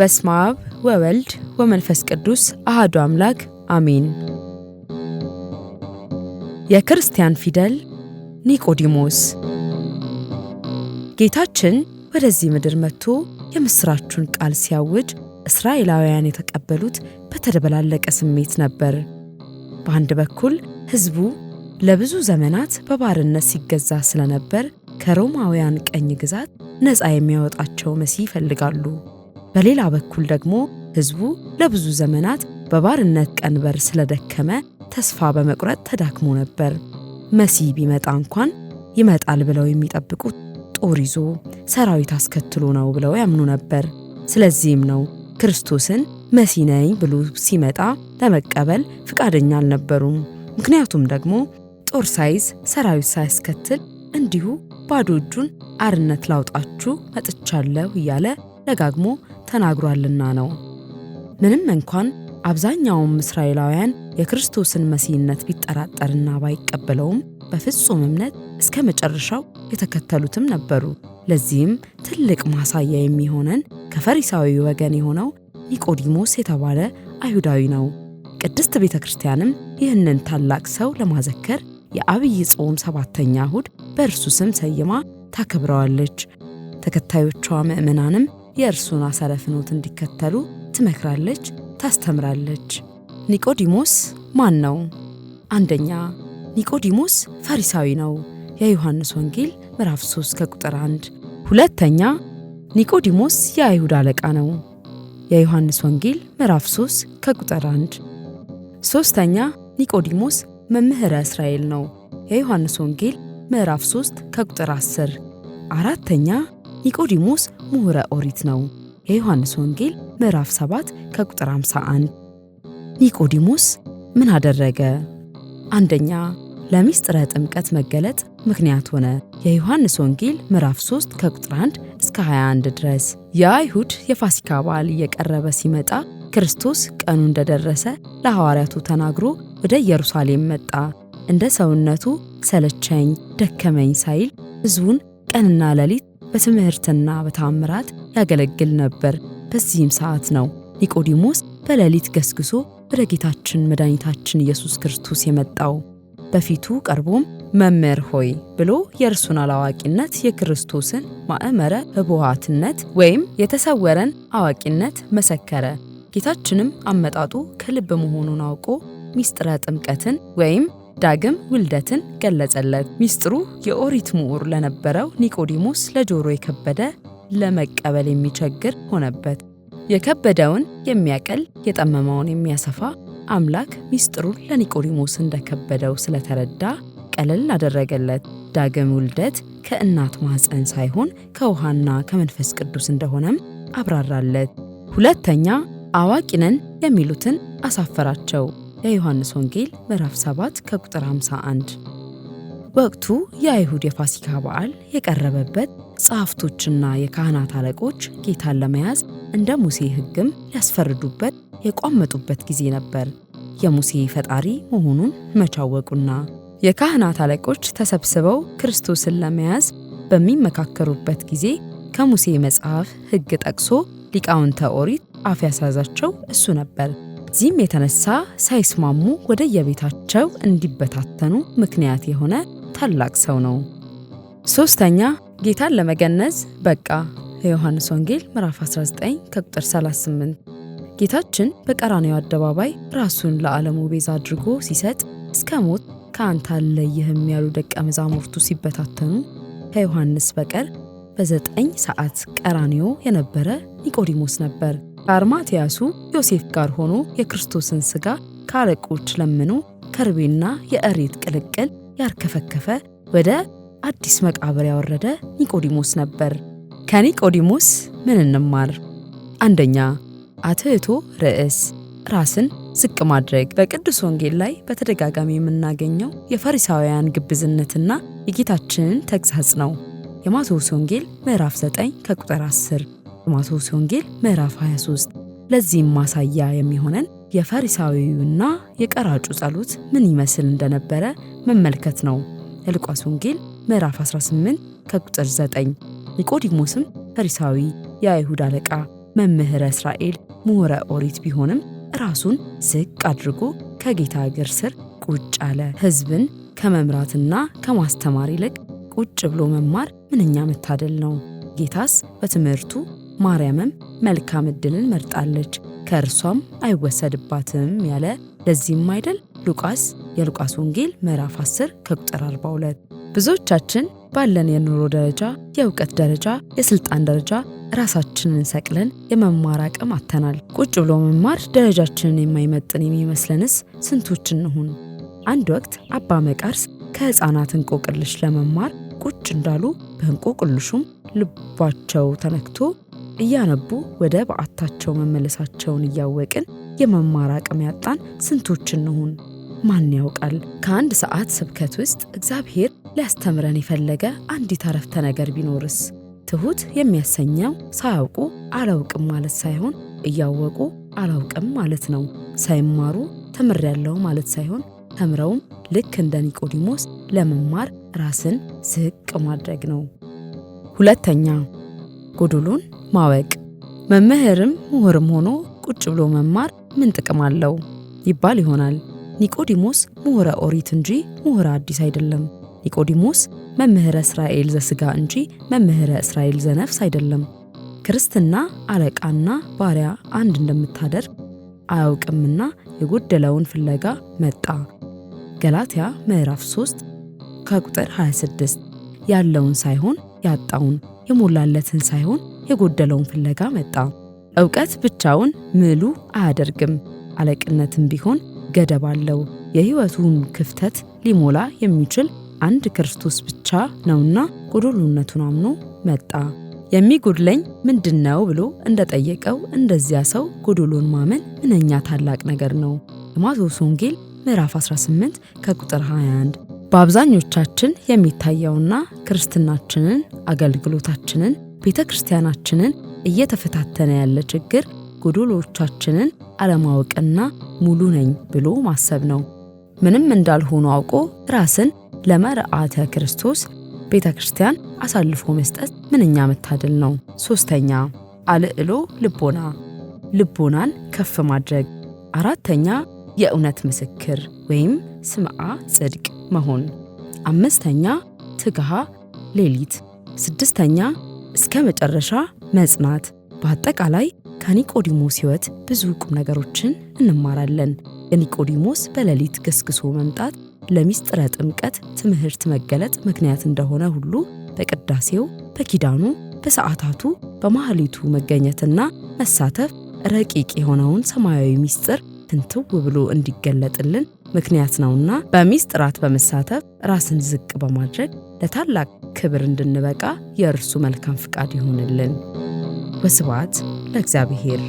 በስመ አብ ወወልድ ወመንፈስ ቅዱስ አሃዱ አምላክ አሜን። የክርስቲያን ፊደል ኒቆዲሞስ። ጌታችን ወደዚህ ምድር መጥቶ የምሥራቹን ቃል ሲያውጅ እስራኤላውያን የተቀበሉት በተደበላለቀ ስሜት ነበር። በአንድ በኩል ሕዝቡ ለብዙ ዘመናት በባርነት ሲገዛ ስለነበር ከሮማውያን ቀኝ ግዛት ነፃ የሚያወጣቸው መሲህ ይፈልጋሉ። በሌላ በኩል ደግሞ ህዝቡ ለብዙ ዘመናት በባርነት ቀንበር ስለደከመ ተስፋ በመቁረጥ ተዳክሞ ነበር። መሲህ ቢመጣ እንኳን ይመጣል ብለው የሚጠብቁት ጦር ይዞ ሰራዊት አስከትሎ ነው ብለው ያምኑ ነበር። ስለዚህም ነው ክርስቶስን መሲህ ነኝ ብሎ ሲመጣ ለመቀበል ፍቃደኛ አልነበሩም። ምክንያቱም ደግሞ ጦር ሳይዝ ሰራዊት ሳያስከትል እንዲሁ ባዶ እጁን አርነት ላውጣችሁ መጥቻለሁ እያለ ደጋግሞ ተናግሯልና ነው። ምንም እንኳን አብዛኛውም እስራኤላውያን የክርስቶስን መሲህነት ቢጠራጠርና ባይቀበለውም በፍጹም እምነት እስከ መጨረሻው የተከተሉትም ነበሩ። ለዚህም ትልቅ ማሳያ የሚሆነን ከፈሪሳዊ ወገን የሆነው ኒቆዲሞስ የተባለ አይሁዳዊ ነው። ቅድስት ቤተ ክርስቲያንም ይህንን ታላቅ ሰው ለማዘከር የአብይ ጾም ሰባተኛ እሁድ በእርሱ ስም ሰይማ ታከብረዋለች። ተከታዮቿ ምዕመናንም የእርሱን አሰረ ፍኖት እንዲከተሉ ትመክራለች፣ ታስተምራለች። ኒቆዲሞስ ማን ነው? አንደኛ ኒቆዲሞስ ፈሪሳዊ ነው። የዮሐንስ ወንጌል ምዕራፍ 3 ከቁጥር 1። ሁለተኛ ኒቆዲሞስ የአይሁድ አለቃ ነው። የዮሐንስ ወንጌል ምዕራፍ 3 ከቁጥር 1። ሶስተኛ ኒቆዲሞስ መምህረ እስራኤል ነው። የዮሐንስ ወንጌል ምዕራፍ 3 ከቁጥር 10። አራተኛ ኒቆዲሞስ ምሁረ ኦሪት ነው። የዮሐንስ ወንጌል ምዕራፍ 7 ከቁጥር 51። ኒቆዲሞስ ምን አደረገ? አንደኛ ለሚስጥረ ጥምቀት መገለጥ ምክንያት ሆነ። የዮሐንስ ወንጌል ምዕራፍ 3 ከቁጥር 1 እስከ 21 ድረስ የአይሁድ የፋሲካ በዓል እየቀረበ ሲመጣ ክርስቶስ ቀኑ እንደደረሰ ለሐዋርያቱ ተናግሮ ወደ ኢየሩሳሌም መጣ። እንደ ሰውነቱ ሰለቸኝ፣ ደከመኝ ሳይል ሕዝቡን ቀንና ሌሊት በትምህርትና በታምራት ያገለግል ነበር። በዚህም ሰዓት ነው ኒቆዲሞስ በሌሊት ገስግሶ ወደ ጌታችን መድኃኒታችን ኢየሱስ ክርስቶስ የመጣው። በፊቱ ቀርቦም መምህር ሆይ ብሎ የእርሱን አላዋቂነት የክርስቶስን ማእመረ ህቡሃትነት ወይም የተሰወረን አዋቂነት መሰከረ። ጌታችንም አመጣጡ ከልብ መሆኑን አውቆ ሚስጥረ ጥምቀትን ወይም ዳግም ውልደትን ገለጸለት። ሚስጥሩ የኦሪት ምዑር ለነበረው ኒቆዲሞስ ለጆሮ የከበደ ለመቀበል የሚቸግር ሆነበት። የከበደውን የሚያቀል የጠመመውን የሚያሰፋ አምላክ ሚስጥሩን ለኒቆዲሞስ እንደከበደው ስለተረዳ ቀለል አደረገለት። ዳግም ውልደት ከእናት ማኅፀን ሳይሆን ከውሃና ከመንፈስ ቅዱስ እንደሆነም አብራራለት። ሁለተኛ አዋቂ ነን የሚሉትን አሳፈራቸው። የዮሐንስ ወንጌል ምዕራፍ 7 ከቁጥር 51። ወቅቱ የአይሁድ የፋሲካ በዓል የቀረበበት፣ ጸሐፍቶችና የካህናት አለቆች ጌታን ለመያዝ እንደ ሙሴ ሕግም ሊያስፈርዱበት የቋመጡበት ጊዜ ነበር። የሙሴ ፈጣሪ መሆኑን መቻወቁና የካህናት አለቆች ተሰብስበው ክርስቶስን ለመያዝ በሚመካከሩበት ጊዜ ከሙሴ መጽሐፍ ሕግ ጠቅሶ ሊቃውንተ ኦሪት አፍ ያስያዛቸው እሱ ነበር። በዚህም የተነሳ ሳይስማሙ ወደ የቤታቸው እንዲበታተኑ ምክንያት የሆነ ታላቅ ሰው ነው። ሶስተኛ ጌታን ለመገነዝ በቃ። የዮሐንስ ወንጌል ምዕራፍ 19 ከቁጥር 38 ጌታችን በቀራንዮ አደባባይ ራሱን ለዓለሙ ቤዛ አድርጎ ሲሰጥ እስከ ሞት ከአንተ አልለይህም ያሉ ደቀ መዛሙርቱ ሲበታተኑ ከዮሐንስ በቀር በዘጠኝ ሰዓት ቀራንዮ የነበረ ኒቆዲሞስ ነበር። ከአርማትያሱ ዮሴፍ ጋር ሆኖ የክርስቶስን ሥጋ ከአለቆች ለምኖ ከርቤና የእሬት ቅልቅል ያርከፈከፈ ወደ አዲስ መቃብር ያወረደ ኒቆዲሞስ ነበር። ከኒቆዲሞስ ምን እንማር? አንደኛ አትህቶ ርዕስ ራስን ዝቅ ማድረግ። በቅዱስ ወንጌል ላይ በተደጋጋሚ የምናገኘው የፈሪሳውያን ግብዝነትና የጌታችንን ተግሣጽ ነው። የማቴዎስ ወንጌል ምዕራፍ 9 ከቁጥር 10 ማቴዎስ ወንጌል ምዕራፍ 23። ለዚህም ማሳያ የሚሆነን የፈሪሳዊውና የቀራጩ ጸሎት ምን ይመስል እንደነበረ መመልከት ነው። የሉቃስ ወንጌል ምዕራፍ 18 ከቁጥር 9። ኒቆዲሞስም ፈሪሳዊ፣ የአይሁድ አለቃ፣ መምህረ እስራኤል፣ ምሁረ ኦሪት ቢሆንም ራሱን ዝቅ አድርጎ ከጌታ እግር ስር ቁጭ አለ። ህዝብን ከመምራትና ከማስተማር ይልቅ ቁጭ ብሎ መማር ምንኛ መታደል ነው! ጌታስ በትምህርቱ ማርያምም መልካም ዕድልን መርጣለች ከእርሷም አይወሰድባትም ያለ ለዚህም አይደል ሉቃስ የሉቃስ ወንጌል ምዕራፍ 10 ከቁጥር 42። ብዙዎቻችን ባለን የኑሮ ደረጃ፣ የእውቀት ደረጃ፣ የስልጣን ደረጃ ራሳችንን ሰቅለን የመማር አቅም አተናል። ቁጭ ብሎ መማር ደረጃችንን የማይመጥን የሚመስለንስ ስንቶች እንሁን? አንድ ወቅት አባ መቃርስ ከሕፃናት እንቆቅልሽ ለመማር ቁጭ እንዳሉ በእንቆቅልሹም ልባቸው ተነክቶ እያነቡ ወደ በዓታቸው መመለሳቸውን እያወቅን የመማር አቅም ያጣን ስንቶች እንሁን? ማን ያውቃል? ከአንድ ሰዓት ስብከት ውስጥ እግዚአብሔር ሊያስተምረን የፈለገ አንዲት አረፍተ ነገር ቢኖርስ? ትሑት የሚያሰኘው ሳያውቁ አላውቅም ማለት ሳይሆን እያወቁ አላውቅም ማለት ነው። ሳይማሩ ተምሬያለሁ ማለት ሳይሆን ተምረውም ልክ እንደ ኒቆዲሞስ ለመማር ራስን ዝቅ ማድረግ ነው። ሁለተኛ ጎዶሎን ማወቅ መምህርም ምሁርም ሆኖ ቁጭ ብሎ መማር ምን ጥቅም አለው ይባል ይሆናል። ኒቆዲሞስ ምሁረ ኦሪት እንጂ ምሁረ አዲስ አይደለም። ኒቆዲሞስ መምህረ እስራኤል ዘስጋ እንጂ መምህረ እስራኤል ዘነፍስ አይደለም። ክርስትና አለቃና ባሪያ አንድ እንደምታደርግ አያውቅምና የጎደለውን ፍለጋ መጣ። ገላትያ ምዕራፍ 3 ከቁጥር 26 ያለውን ሳይሆን ያጣውን፣ የሞላለትን ሳይሆን የጎደለውን ፍለጋ መጣ። እውቀት ብቻውን ምሉ አያደርግም። አለቅነትም ቢሆን ገደብ አለው። የሕይወቱን ክፍተት ሊሞላ የሚችል አንድ ክርስቶስ ብቻ ነውና ጎዶሎነቱን አምኖ መጣ። የሚጎድለኝ ምንድን ነው ብሎ እንደጠየቀው እንደዚያ ሰው ጎዶሎን ማመን ምንኛ ታላቅ ነገር ነው። የማቴዎስ ወንጌል ምዕራፍ 18 ከቁጥር 21 በአብዛኞቻችን የሚታየውና ክርስትናችንን፣ አገልግሎታችንን፣ ቤተ ክርስቲያናችንን እየተፈታተነ ያለ ችግር ጎዶሎቻችንን አለማወቅና ሙሉ ነኝ ብሎ ማሰብ ነው። ምንም እንዳልሆኑ አውቆ ራስን ለመርዓተ ክርስቶስ ቤተ ክርስቲያን አሳልፎ መስጠት ምንኛ መታደል ነው። ሶስተኛ አልዕሎ ልቦና፣ ልቦናን ከፍ ማድረግ። አራተኛ የእውነት ምስክር ወይም ስምዓ ጽድቅ መሆን፣ አምስተኛ ትግሃ ሌሊት፣ ስድስተኛ እስከ መጨረሻ መጽናት። በአጠቃላይ ከኒቆዲሞስ ሕይወት ብዙ ቁም ነገሮችን እንማራለን። የኒቆዲሞስ በሌሊት ገስግሶ መምጣት ለሚስጥረ ጥምቀት ትምህርት መገለጥ ምክንያት እንደሆነ ሁሉ በቅዳሴው፣ በኪዳኑ፣ በሰዓታቱ፣ በማህሌቱ መገኘትና መሳተፍ ረቂቅ የሆነውን ሰማያዊ ሚስጥር ትንትው ብሎ እንዲገለጥልን ምክንያት ነውና ጥራት በመሳተፍ ራስን ዝቅ በማድረግ ለታላቅ ክብር እንድንበቃ የእርሱ መልካም ፍቃድ ይሆንልን። ወስብሐት ለእግዚአብሔር።